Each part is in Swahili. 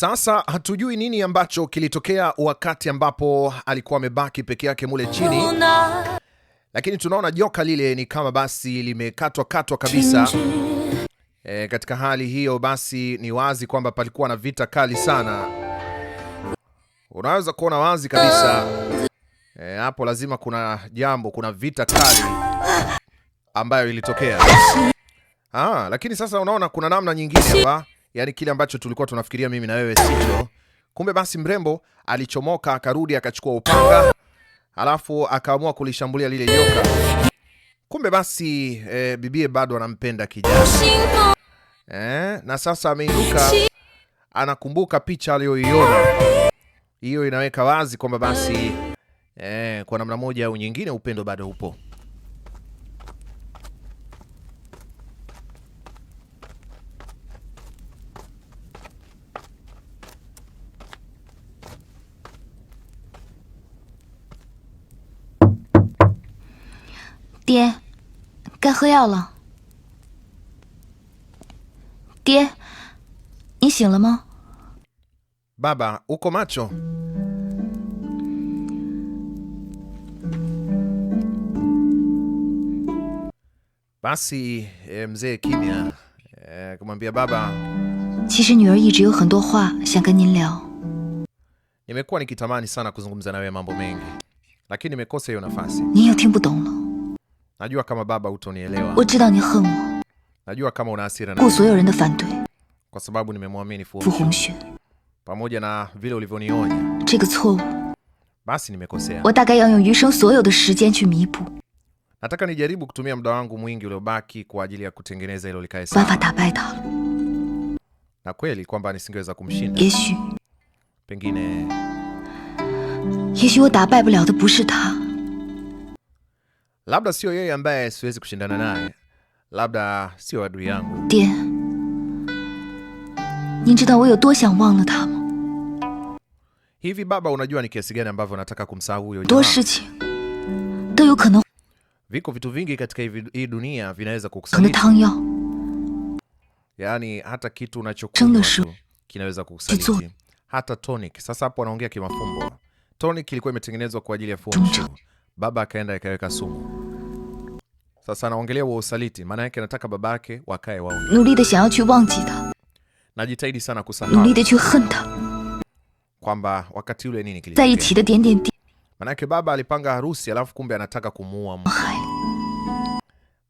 Sasa hatujui nini ambacho kilitokea wakati ambapo alikuwa amebaki peke yake mule chini, lakini tunaona joka lile ni kama basi limekatwa katwa kabisa. E, katika hali hiyo basi ni wazi kwamba palikuwa na vita kali sana, unaweza kuona wazi kabisa e, hapo. E, lazima kuna jambo, kuna vita kali ambayo ilitokea. Ah, lakini sasa unaona kuna namna nyingine hapa yani kile ambacho tulikuwa tunafikiria mimi na wewe sicho. Kumbe basi mrembo alichomoka akarudi akachukua upanga alafu akaamua kulishambulia lile nyoka. Kumbe basi e, bibie bado anampenda kijana e, na sasa ameinuka, anakumbuka picha aliyoiona hiyo, inaweka wazi kwamba basi e, kwa namna moja au nyingine upendo bado upo. baba uko macho? Basi e, mzee kimya e, kumwambia baba, nimekuwa nikitamani sana kuzungumza na wewe mambo mengi, lakini nimekosa hiyo nafasi. 您又听不懂了。Najua kama baba utonielewa. Najua kama una hasira na kwa sababu nimemwamini Fu Hongxue. Pamoja na vile ulivyonionya. Basi nimekosea. Nataka nijaribu kutumia muda wangu mwingi uliobaki kwa ajili ya kutengeneza hilo likae sawa. Na kweli kwamba nisingeweza kumshinda. Pengine labda sio yeye ambaye siwezi kushindana naye, labda sio adui yangu. Hivi baba, unajua ni kiasi gani ambavyo nataka kumsahau huyo jamaa. Viko vitu vingi katika hii dunia vinaweza kukusaliti. Yaani hata kitu unachokunywa kinaweza kukusaliti. Hata tonic. Sasa hapo anaongea kimafumbo. Tonic ilikuwa imetengenezwa kwa ajili ya fujo. Baba akaenda akaweka sumu. Sasa anaongelea wa usaliti, maana yake anataka baba yake wakae wao. Najitahidi sana kusahau kwamba wakati ule nini kilitokea. yake baba alipanga harusi alafu kumbe anataka kumuua.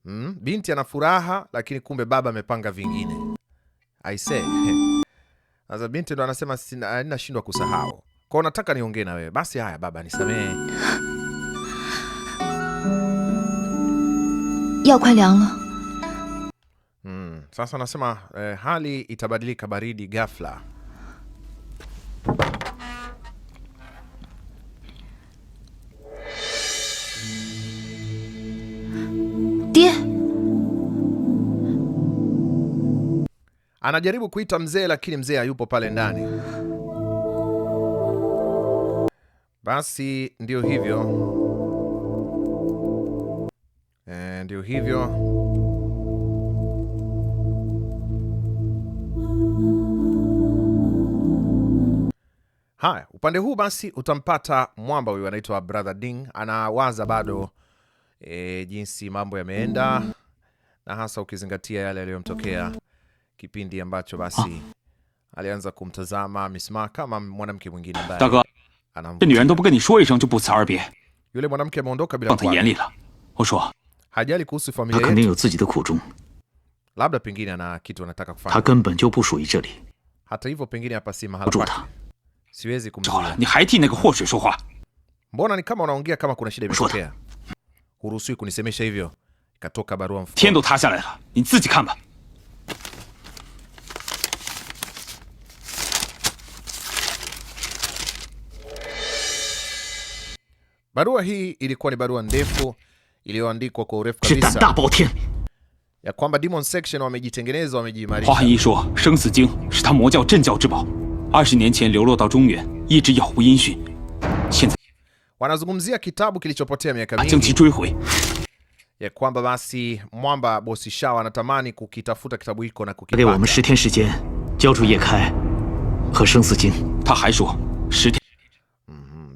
Mm, binti ana furaha lakini kumbe baba amepanga vingine. I say. Sasa binti ndo anasema sina, nashindwa kusahau. Kwa hiyo nataka niongee na wewe. Basi haya baba nisamehe. 药快凉了。Mm, sasa anasema eh, hali itabadilika baridi ghafla. Anajaribu kuita mzee lakini mzee hayupo pale ndani. Basi ndio hivyo. hivyo haya upande huu basi utampata mwamba huyu anaitwa Brother Ding, anawaza bado e, jinsi mambo yameenda na hasa ukizingatia yale yaliyomtokea kipindi ambacho basi alianza kumtazama Misma kama mwanamke mwingine ambaye anamwambia er Yule mwanamke ameondoka bila kuaga hajali kuhusu familia yetu, labda pengine ana kitu anataka kufanya. Hata hivyo, pengine hapa si mahali pake. Siwezi kumzuia. Mbona ni kama unaongea kama kuna shida imetokea? Huruhusiwi kunisemesha hivyo. Ikatoka barua mfukoni. Barua hii ilikuwa ni barua ndefu iliyoandikwa kwa urefu kabisa ya kwamba Demon Section wamejitengeneza, wamejiimarisha. Hua Yi shuo Shengsi Jing shi ta mo zhen jiao zhi 20 nian qian liu luo dao Zhongyuan yi yao bu yin xun. Wanazungumzia kitabu kilichopotea miaka mingi ya kwamba basi mwamba bosi Shao anatamani kukitafuta kitabu hiko na kukipata.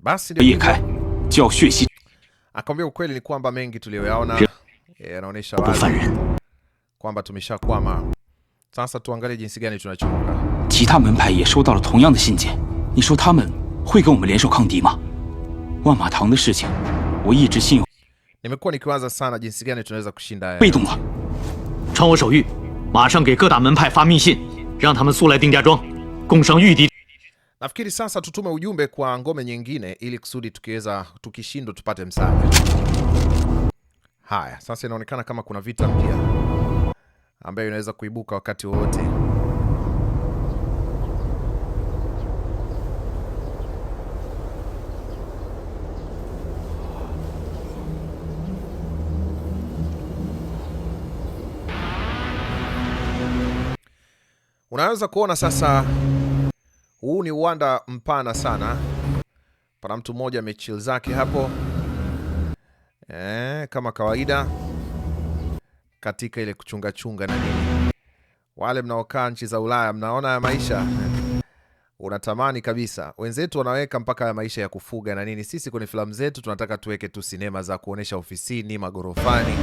Basi Akamwambia ukweli ni kwamba mengi tuliyoyaona eh, yanaonyesha wazi kwamba tumeshakwama. Sasa tuangalie jinsi gani tunachoka. kita menpai ye shou le tongyang de xinjian. Ni shou ta hui gen wo lianshou kang ma? Wan tang de shiqing, wo yizhi xin. Nimekuwa nikiwaza sana jinsi gani tunaweza kushinda haya. Bei dong le. Chang ma shang ge ge da menpai fa min rang ta su lai ding zhuang, gong shang Nafikiri sasa tutume ujumbe kwa ngome nyingine, ili kusudi tukiweza tukishindwa tupate msaada. Haya, sasa inaonekana kama kuna vita mpya ambayo inaweza kuibuka wakati wowote. Unaweza kuona sasa huu ni uwanda mpana sana, pana mtu mmoja amechill zake hapo e, kama kawaida katika ile kuchunga chunga na nini. Wale mnaokaa nchi za Ulaya mnaona ya maisha unatamani kabisa. Wenzetu wanaweka mpaka ya maisha ya kufuga na nini, sisi kwenye filamu zetu tunataka tuweke tu sinema za kuonesha ofisini, magorofani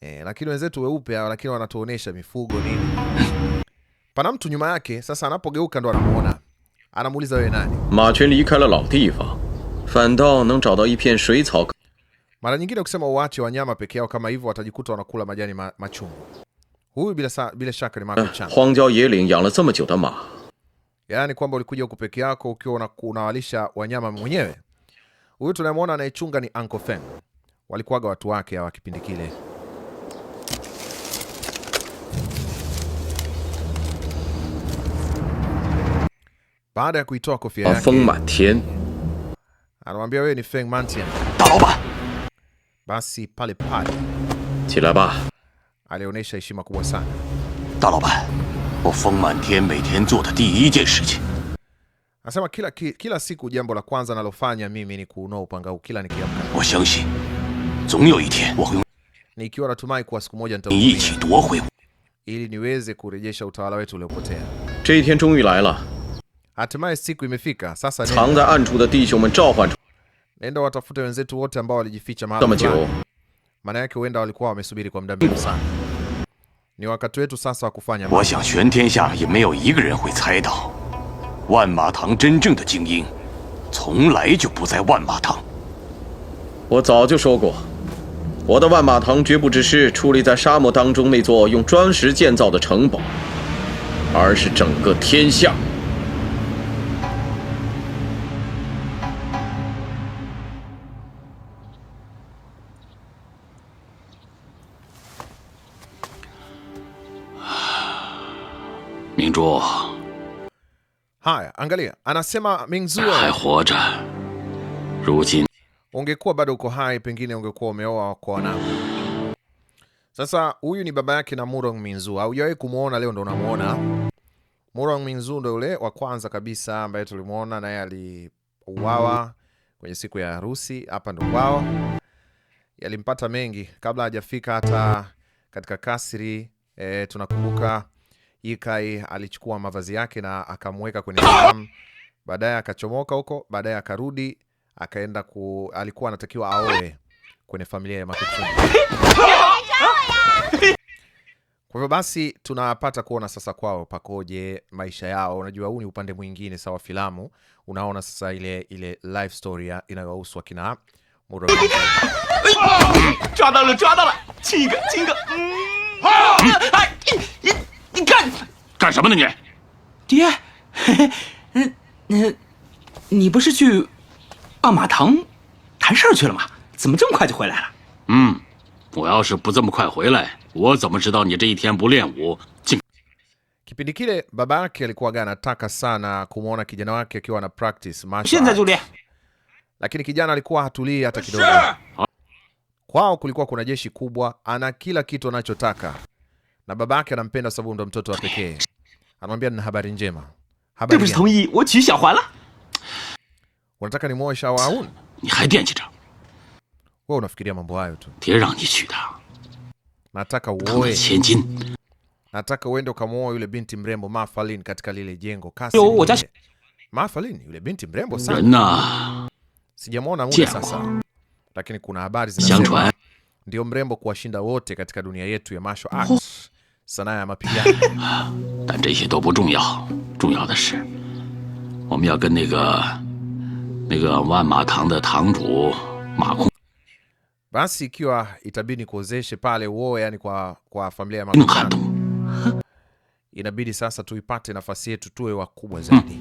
e, lakini wenzetu weupe, lakini wanatuonesha mifugo nini. Pana mtu nyuma yake, sasa anapogeuka ndo anamuona anamuuliza wewe nani? Ma liika la lao difang fan neng zao yi pian shui cao. Mara nyingine ukisema uache wanyama peke yao kama hivyo watajikuta wanakula majani ma, machungu. Huyu bila, bila shaka ni mama mchanga. Huang Jiao yang le zeme jiu de ma. Yaani kwamba ulikuja huku peke yako ukiwa unawalisha wanyama mwenyewe. Huyu tunamwona anayechunga ni Uncle Feng. Walikuwaga watu wake hawa kipindi kile. Baada ya kuitoa kofia yake, Feng Matian anamwambia wewe ni Feng Matian. Basi pale pale alionyesha heshima kubwa sana. Anasema kila, kila siku jambo la kwanza nalofanya mimi ni kuunoa upanga huu kila nikiamka. Nikiwa natumai kuwa siku moja nitakuja ili niweze kurejesha utawala wetu uliopotea. 藏在暗处的弟兄们，召唤出！这么久，我想全天下也没有一个人会猜到，万马堂真正的精英，从来就不在万马堂。我早就说过，我的万马堂绝不只是矗立在沙漠当中那座用砖石建造的城堡，而是整个天下。Mingzhu. Haya, angalia, anasema Mingzhu ungekuwa bado uko hai, pengine ungekuwa umeoa kuona. Sasa huyu ni baba yake na Murong Mingzhu. Haujawahi kumwona, leo ndo unamuona. Murong Mingzhu ndo yule wa kwanza kabisa ambaye tulimuona naye aliuawa kwenye siku ya harusi. Hapa ndo kwao, yalimpata mengi kabla hajafika hata katika kasri. E, tunakumbuka Ikai alichukua mavazi yake na akamweka kwenye sanamu, baadaye akachomoka huko, baadaye akarudi akaenda ku, alikuwa anatakiwa aoe kwenye familia ya Makitsune. Kwa hivyo basi tunapata kuona sasa kwao pakoje, maisha yao. Unajua, huu ni upande mwingine sawa filamu, unaona sasa ile ile life story inayohusu akina Muromaji. 你干干什么呢你？爹，嗯嗯，你不是去奥马堂谈事儿去了吗？怎么这么快就回来了？嗯，我要是不这么快回来，我怎么知道你这一天不练武竟？Kipindi kile baba yake alikuwaga anataka sana kumwona kijana wake akiwa na practice lakini kijana alikuwa hatulii hata kidogo. Kwao kulikuwa kuna jeshi kubwa, ana kila kitu anachotaka na baba yake anampenda sababu ndo mtoto wa pekee. Anamwambia nina habari njema. Habari njema. Unataka nimuoe Shawaun? Wewe unafikiria mambo hayo tu. Nataka uoe. Nataka uende ukamuoa yule binti mrembo Ma Fangling katika lile jengo kasi. Ma Fangling yule binti mrembo sana. Sijamwona muda sasa. Lakini kuna habari zinasema ndio mrembo kuwashinda wote katika dunia yetu ya martial arts sanaa ya mapigano 但这些都不重要，重要的是，我们要跟那个那个万马堂的堂主马空 basi ikiwa itabidi kuozeshe pale uoe, yani kwa, kwa familia ya 弄寒 inabidi sasa tuipate nafasi yetu tuwe wakubwa zaidi.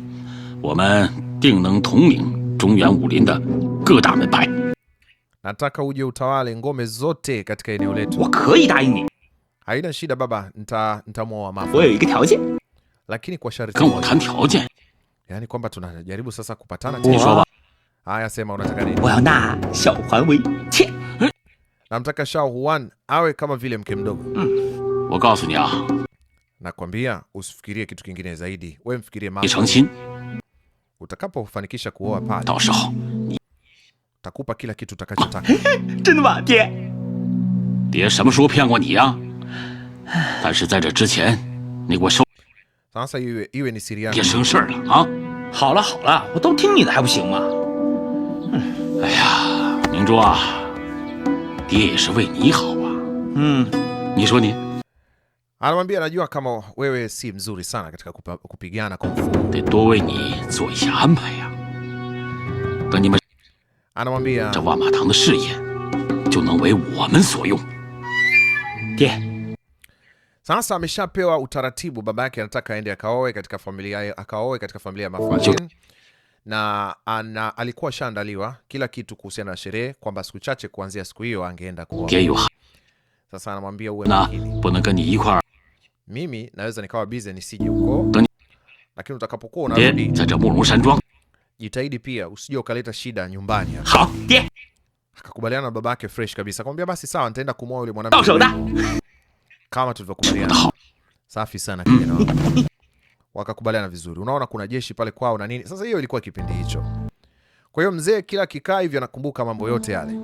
da hmm. nataka uje utawale ngome zote katika eneo letu. 我可以答应你，Haina shida baba, nitamwoa mama, lakini kwa sharti Yani kwamba tunajaribu sasa kupatana tena. Haya, sema unataka nini? Namtaka Shao Huan awe kama vile mke mdogo. Mm. Nakwambia usifikirie kitu kingine zaidi, we mfikirie mama. Utakapofanikisha kuoa pale, takupa kila kitu utakachotaka. 但是在这之前，你给我收。别生事了啊！好了好了，我都听你的还不行吗？哎呀，明珠啊，爹也是为你好啊。嗯，你说你。得多为你做一下安排呀。等你们，这万马堂的事业就能为我们所用。爹。Sasa ameshapewa utaratibu, baba yake anataka aende akaoe katika familia, akaoe katika familia ya Mafalin na ana, alikuwa shaandaliwa kila kitu kuhusiana na sherehe kwamba siku chache kuanzia siku hiyo angeenda kuoa. Sasa anamwambia uwe makini, mimi naweza nikawa busy nisije huko, lakini utakapokuwa unarudi jitahidi pia usije ukaleta shida nyumbani. Akakubaliana na babake fresh kabisa, akamwambia basi sawa, nitaenda kumwoa yule mwanamke kama tulivyokubaliana. Safi sana kijana wangu. Wakakubaliana vizuri. Unaona kuna jeshi pale kwao na nini. Sasa hiyo ilikuwa kipindi hicho. Kwa hiyo mzee kila kikaa hivyo anakumbuka mambo yote yale.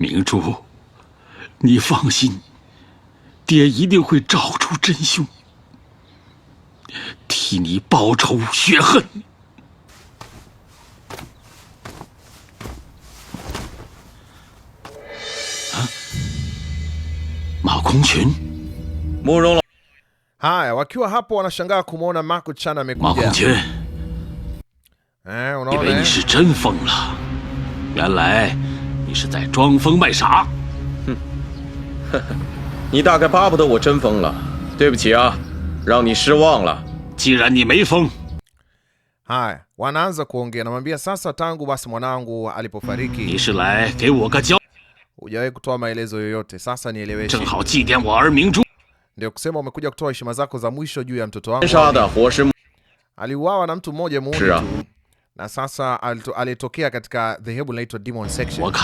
Mingzhu, ni fangxin. Die yidi hui zhao chu zhenxiong. Ti ni bao chou xue hen. 龙群，慕容老，嗨，我去了哈普，我那上家库莫纳马库查纳没见。马龙群，哎，你是真疯了，原来你是在装疯卖傻。哼，呵呵，你大概巴不得我真疯了。对不起啊，让你失望了。既然你没疯，嗨，我男子公给那么别啥啥贪古巴斯莫纳古阿里波法里基。你是来给我个教。Hujawahi kutoa maelezo yoyote, sasa nieleweshe. Ndio kusema umekuja kutoa heshima zako za mwisho juu ya mtoto wangu. Aliuawa na mtu mmoja muuni tu, na sasa alitokea katika dhehebu linaloitwa Demon Section.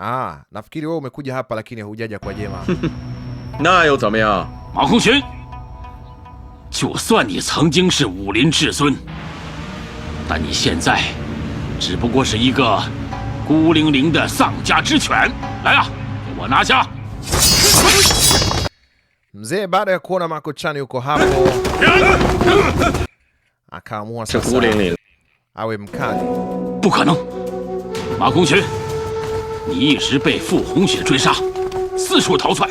Ah, nafikiri wewe umekuja hapa lakini hujaja kwa jema. Nayo zamaya. Ma Hongxuan. Jo suan ni cengjing shi 武林至尊. Dan ni xianzai. Zhi bu guo shi yi ge 孤零零的丧家之犬。来啊，给我拿下！Mzee baada ya kuona Makochani yuko hapo akaamua awe mkali. Bukana. Ma ni yishi bei Fu Hongxue juisha, sichu taocuan.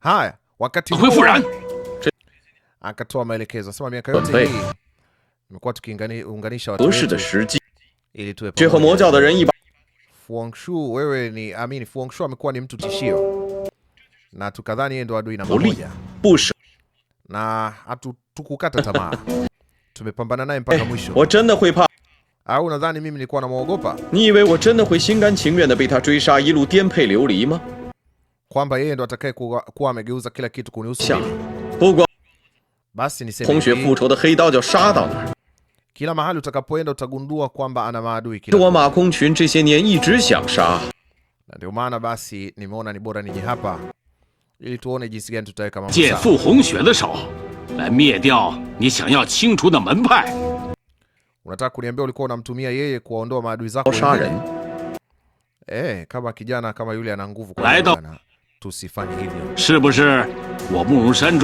Haya, wakati huo akatoa maelekezo. Sema miaka yote hii nimekuwa tukiunganisha watu ili tuwe Sheikh mmoja wa Daraiba Fuangshu, wewe ni amini, Fuangshu amekuwa ni mtu tishio na tukadhani yeye ndo adui namba moja na hatukukata tamaa tumepambana naye mpaka mwisho. Au unadhani mimi nilikuwa namwogopa? Kwamba yeye ndo atakaye kuwa amegeuza kila kitu kunihusu mimi. Basi niseme kila mahali utakapoenda utagundua kwamba ana maadui Na ndio maana basi nimeona ni bora nije hapa ili tuone jinsi gani tutaweka mambo Unataka kuniambia ulikuwa unamtumia yeye kuwaondoa maadui zako? Eh, kama kijana kama yule ana nguvu kwa kijana. Tusifanye hivyo. Sibu shi, wo Murun Shan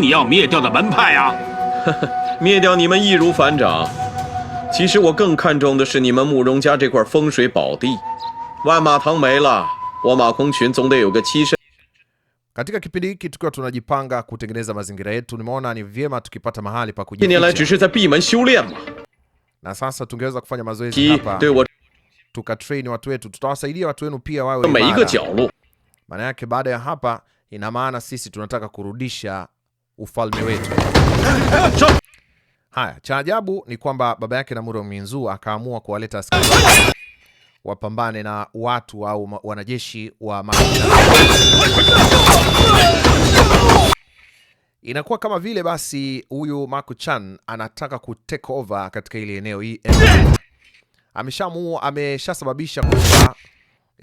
ni yao mie diao de menpai ya. 灭掉你们易如反掌，其实我更看重的是你们慕容家这块风水宝地。万马堂没了，我马空群总得有个栖身。近年来只是在闭门修炼嘛。每每一个角落。Haya, cha ajabu ni kwamba baba yake Namuro Minzu akaamua kuwaleta askari wapambane na watu au wanajeshi wa Inakuwa kama vile basi huyu Marco chan anataka ku take over katika ile eneo hii. Ameshamu ameshasababisha kufa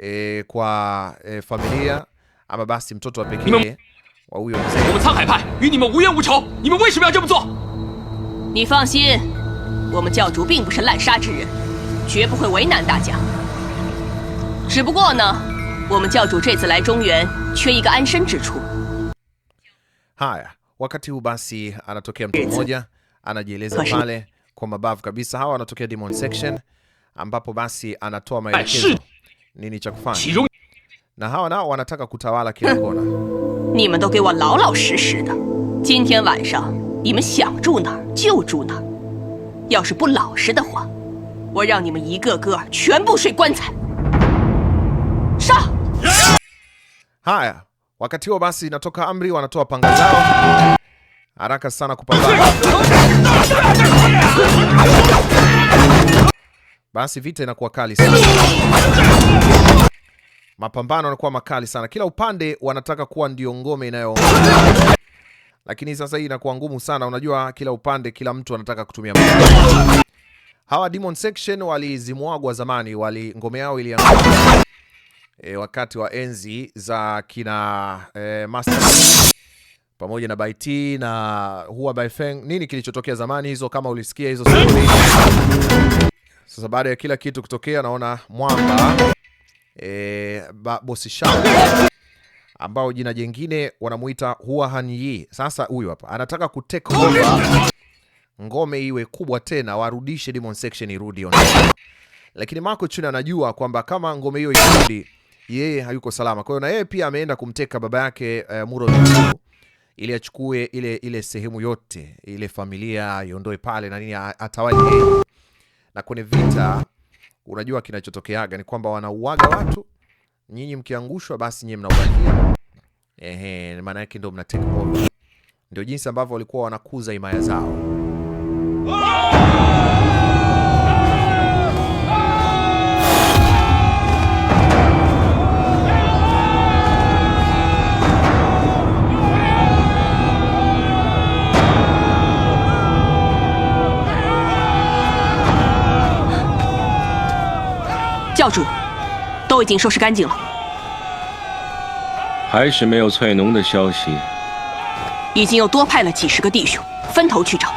e, kwa e, familia ama basi mtoto wa pekee wa huyo mzee. 你放心，我们教主并不是滥杀之人，绝不会为难大家。只不过呢，我们教主这次来中原缺一个安身之处。Haya, wakati huu basi anatokea mtu mmoja anajieleza pale kwa mabavu kabisa. Hawa wanatokea Demon Section ambapo basi anatoa maelekezo nini cha kufanya, na hawa nao wanataka kutawala kila kona. 你们都给我老老实实的，今天晚上 你们想住哪儿就住哪儿。要是不老实的话，我让你们一个个全部睡棺材。杀！Haya, wakati huo basi inatoka amri, wanatoa panga zao haraka sana kupambana. Basi vita inakuwa kali sana, mapambano yanakuwa makali sana, kila upande wanataka kuwa ndio ngome inayo lakini sasa hii inakuwa ngumu sana. Unajua, kila upande, kila mtu anataka kutumia hawa Demon Section walizimwagwa zamani, wali ngome yao ili e, wakati wa enzi za kina e, Master pamoja na Bai na Hua Bai Feng. Nini kilichotokea zamani hizo, kama ulisikia hizo story? Sasa baada ya kila kitu kutokea, naona mwamba e, bosi shamba ambao jina jingine wanamuita Hua Hanyi. Sasa huyu hapa anataka ku take over ngome iwe kubwa tena, warudishe Demon Section irudi on. lakini Marco Chun anajua kwamba kama ngome hiyo ikirudi yeye hayuko salama. Kwa hiyo na yeye pia ameenda kumteka baba yake uh, Muro ili achukue ile ile sehemu yote ile familia iondoe pale na nini, atawali yeye. Na kwenye vita unajua kinachotokeaga ni kwamba wanauaga watu nyinyi mkiangushwa, basi nyinyi mnaubakia. Ehe, maana yake ndio mna take over. Ndio jinsi ambavyo walikuwa wanakuza imaya zao. Jao 我已经收拾干净了，还是没有翠农的消息。已经又多派了几十个弟兄，分头去找。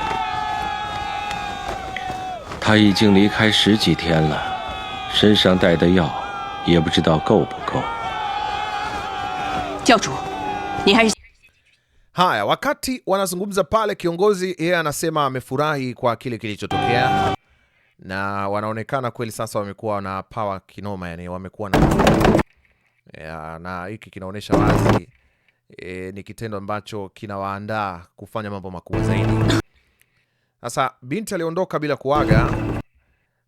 他已经离开十几天了，身上带的药也不知道够不够。教主，你还是。na wanaonekana kweli sasa wamekuwa na power kinoma, yani wamekuwa na ya, na hiki kinaonyesha wazi e, ni kitendo ambacho kinawaandaa kufanya mambo makubwa zaidi. Sasa binti aliondoka bila kuaga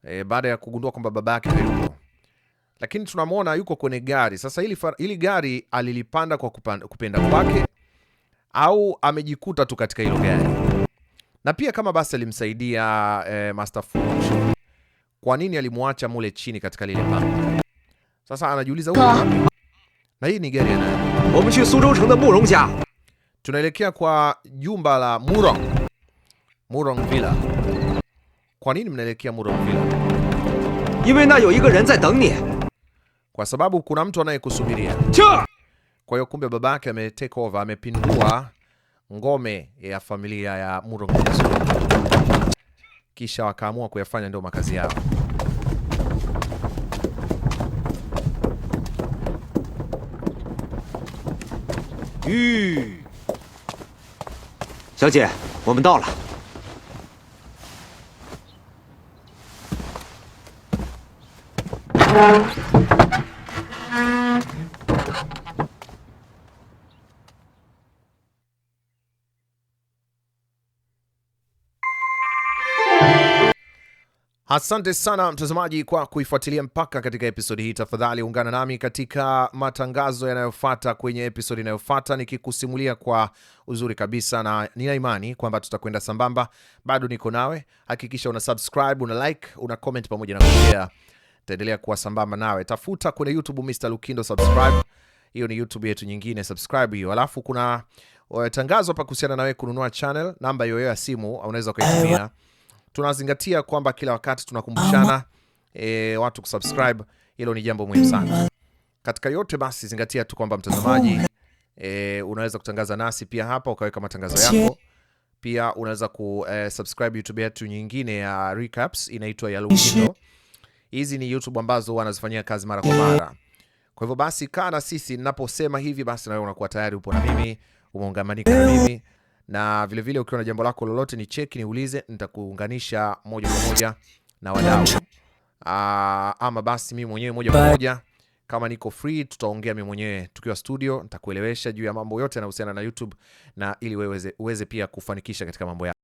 e, baada ya kugundua kwamba baba yake hayupo, lakini tunamwona yuko kwenye gari. Sasa hili, hili gari alilipanda kwa kupanda, kupenda kwake au amejikuta tu katika hilo gari? na pia kama basi alimsaidia eh, Master Fu. Kwa nini alimwacha mule chini katika lile pango? Sasa anajiuliza huyu. Na hii ni gari ya yana. Tunaelekea kwa jumba la Murong. Murong Villa. Kwa nini mnaelekea Murong Villa? na Kwa sababu kuna mtu anayekusubiria. Kwa hiyo kumbe babake ame take over, amepindua ngome ya familia ya Murongezo, kisha wakaamua kuyafanya ndio makazi yao. Xiaojie, women daola. Asante sana mtazamaji kwa kuifuatilia mpaka katika episodi hii. Tafadhali ungana nami katika matangazo yanayofuata kwenye episodi inayofuata, nikikusimulia kwa uzuri kabisa, na nina imani kwamba tutakwenda sambamba. Bado niko nawe, hakikisha una subscribe, una like, una comment pamoja na kushare. Taendelea kuwa sambamba nawe, tafuta kwenye YouTube Mr Lukindo, subscribe. Hiyo ni YouTube yetu nyingine, subscribe hiyo. Alafu kuna eh, tangazo hapa kuhusiana na wewe kununua channel, namba hiyo ya simu unaweza ukaitumia eh, tunazingatia kwamba kila wakati tunakumbushana e, watu kusubscribe. Hilo ni jambo muhimu sana katika yote. Basi zingatia tu kwamba mtazamaji, e, unaweza kutangaza nasi pia hapa ukaweka matangazo yako pia unaweza ku eh, subscribe YouTube yetu nyingine ya recaps inaitwa ya Lukindo. Hizi ni YouTube ambazo wanazifanyia kazi mara kwa mara. Kwa hivyo basi kaa na sisi, ninaposema hivi basi na wewe unakuwa tayari upo na mimi, umeungamanika na mimi na vilevile ukiwa na jambo lako lolote ni cheki niulize, nitakuunganisha moja kwa moja na wadau. Ah, ama basi mimi mwenyewe moja kwa moja kama niko free, tutaongea mimi mwenyewe tukiwa studio, nitakuelewesha juu ya mambo yote yanahusiana na YouTube na ili uweze, uweze pia kufanikisha katika mambo yako.